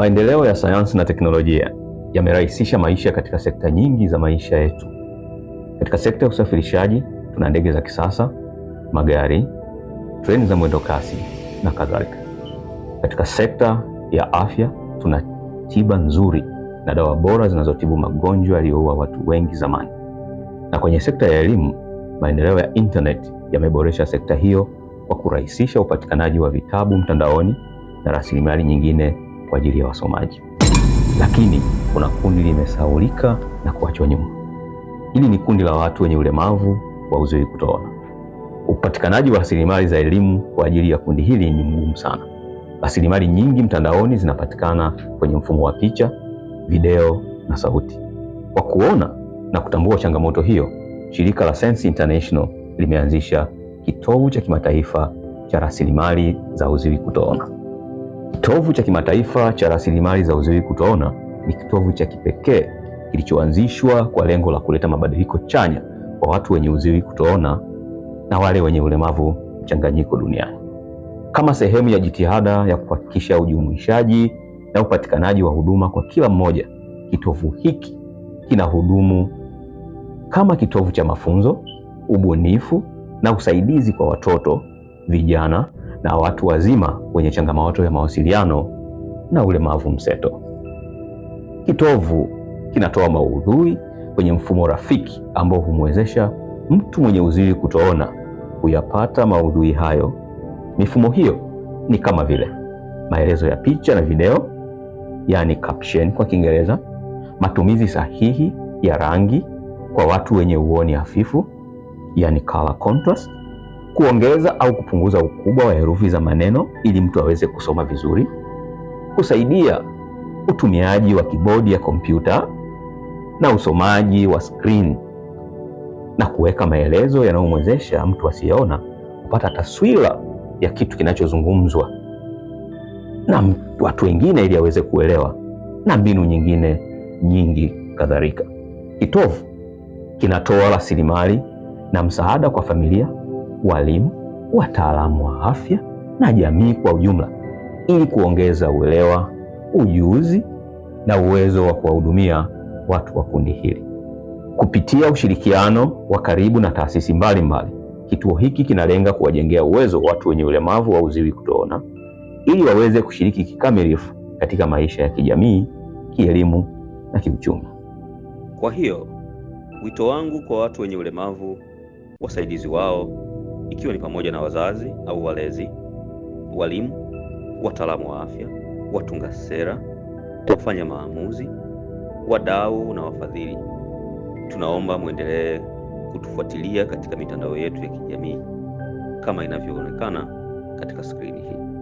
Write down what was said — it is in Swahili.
Maendeleo ya sayansi na teknolojia yamerahisisha maisha katika sekta nyingi za maisha yetu. Katika sekta ya usafirishaji, tuna ndege za kisasa, magari, treni za mwendo kasi na kadhalika. Katika sekta ya afya, tuna tiba nzuri na dawa bora zinazotibu magonjwa yaliyoua watu wengi zamani. Na kwenye sekta ya elimu, maendeleo ya internet yameboresha sekta hiyo kwa kurahisisha upatikanaji wa vitabu mtandaoni na rasilimali nyingine kwa ajili ya wasomaji, lakini kuna kundi limesaulika na kuachwa nyuma. Hili ni kundi la watu wenye ulemavu wa uziwi kutoona. Upatikanaji wa rasilimali za elimu kwa ajili ya kundi hili ni mgumu sana. Rasilimali nyingi mtandaoni zinapatikana kwenye mfumo wa picha, video na sauti. Kwa kuona na kutambua changamoto hiyo, shirika la Sense International limeanzisha kitovu cha kimataifa cha rasilimali za uziwi kutoona. Kitovu cha kimataifa cha rasilimali za uziwi kutoona ni kitovu cha kipekee kilichoanzishwa kwa lengo la kuleta mabadiliko chanya kwa watu wenye uziwi kutoona na wale wenye ulemavu mchanganyiko duniani kama sehemu ya jitihada ya kuhakikisha ujumuishaji na upatikanaji wa huduma kwa kila mmoja. Kitovu hiki kina hudumu kama kitovu cha mafunzo, ubunifu na usaidizi kwa watoto, vijana na watu wazima wenye changamoto ya mawasiliano na ulemavu mseto. Kitovu kinatoa maudhui kwenye mfumo rafiki ambao humwezesha mtu mwenye uziwi kutoona kuyapata maudhui hayo. Mifumo hiyo ni kama vile maelezo ya picha na video, yani caption kwa Kiingereza, matumizi sahihi ya rangi kwa watu wenye uoni hafifu, yani color contrast kuongeza au kupunguza ukubwa wa herufi za maneno ili mtu aweze kusoma vizuri, kusaidia utumiaji wa kibodi ya kompyuta na usomaji wa skrini, na kuweka maelezo yanayomwezesha mtu asiyeona kupata taswira ya kitu kinachozungumzwa na watu wengine ili aweze kuelewa, na mbinu nyingine nyingi kadhalika. Kitovu kinatoa rasilimali na msaada kwa familia walimu, wataalamu wa afya na jamii kwa ujumla ili kuongeza uelewa, ujuzi na uwezo wa kuwahudumia watu wa kundi hili. Kupitia ushirikiano wa karibu na taasisi mbalimbali mbali, kituo hiki kinalenga kuwajengea uwezo watu wenye ulemavu au uziwi kutoona ili waweze kushiriki kikamilifu katika maisha ya kijamii, kielimu na kiuchumi. Kwa hiyo wito wangu kwa watu wenye ulemavu, wasaidizi wao ikiwa ni pamoja na wazazi au walezi, walimu, wataalamu wa afya, watunga sera, wafanya maamuzi, wadau na wafadhili. Tunaomba mwendelee kutufuatilia katika mitandao yetu ya kijamii kama inavyoonekana katika skrini hii.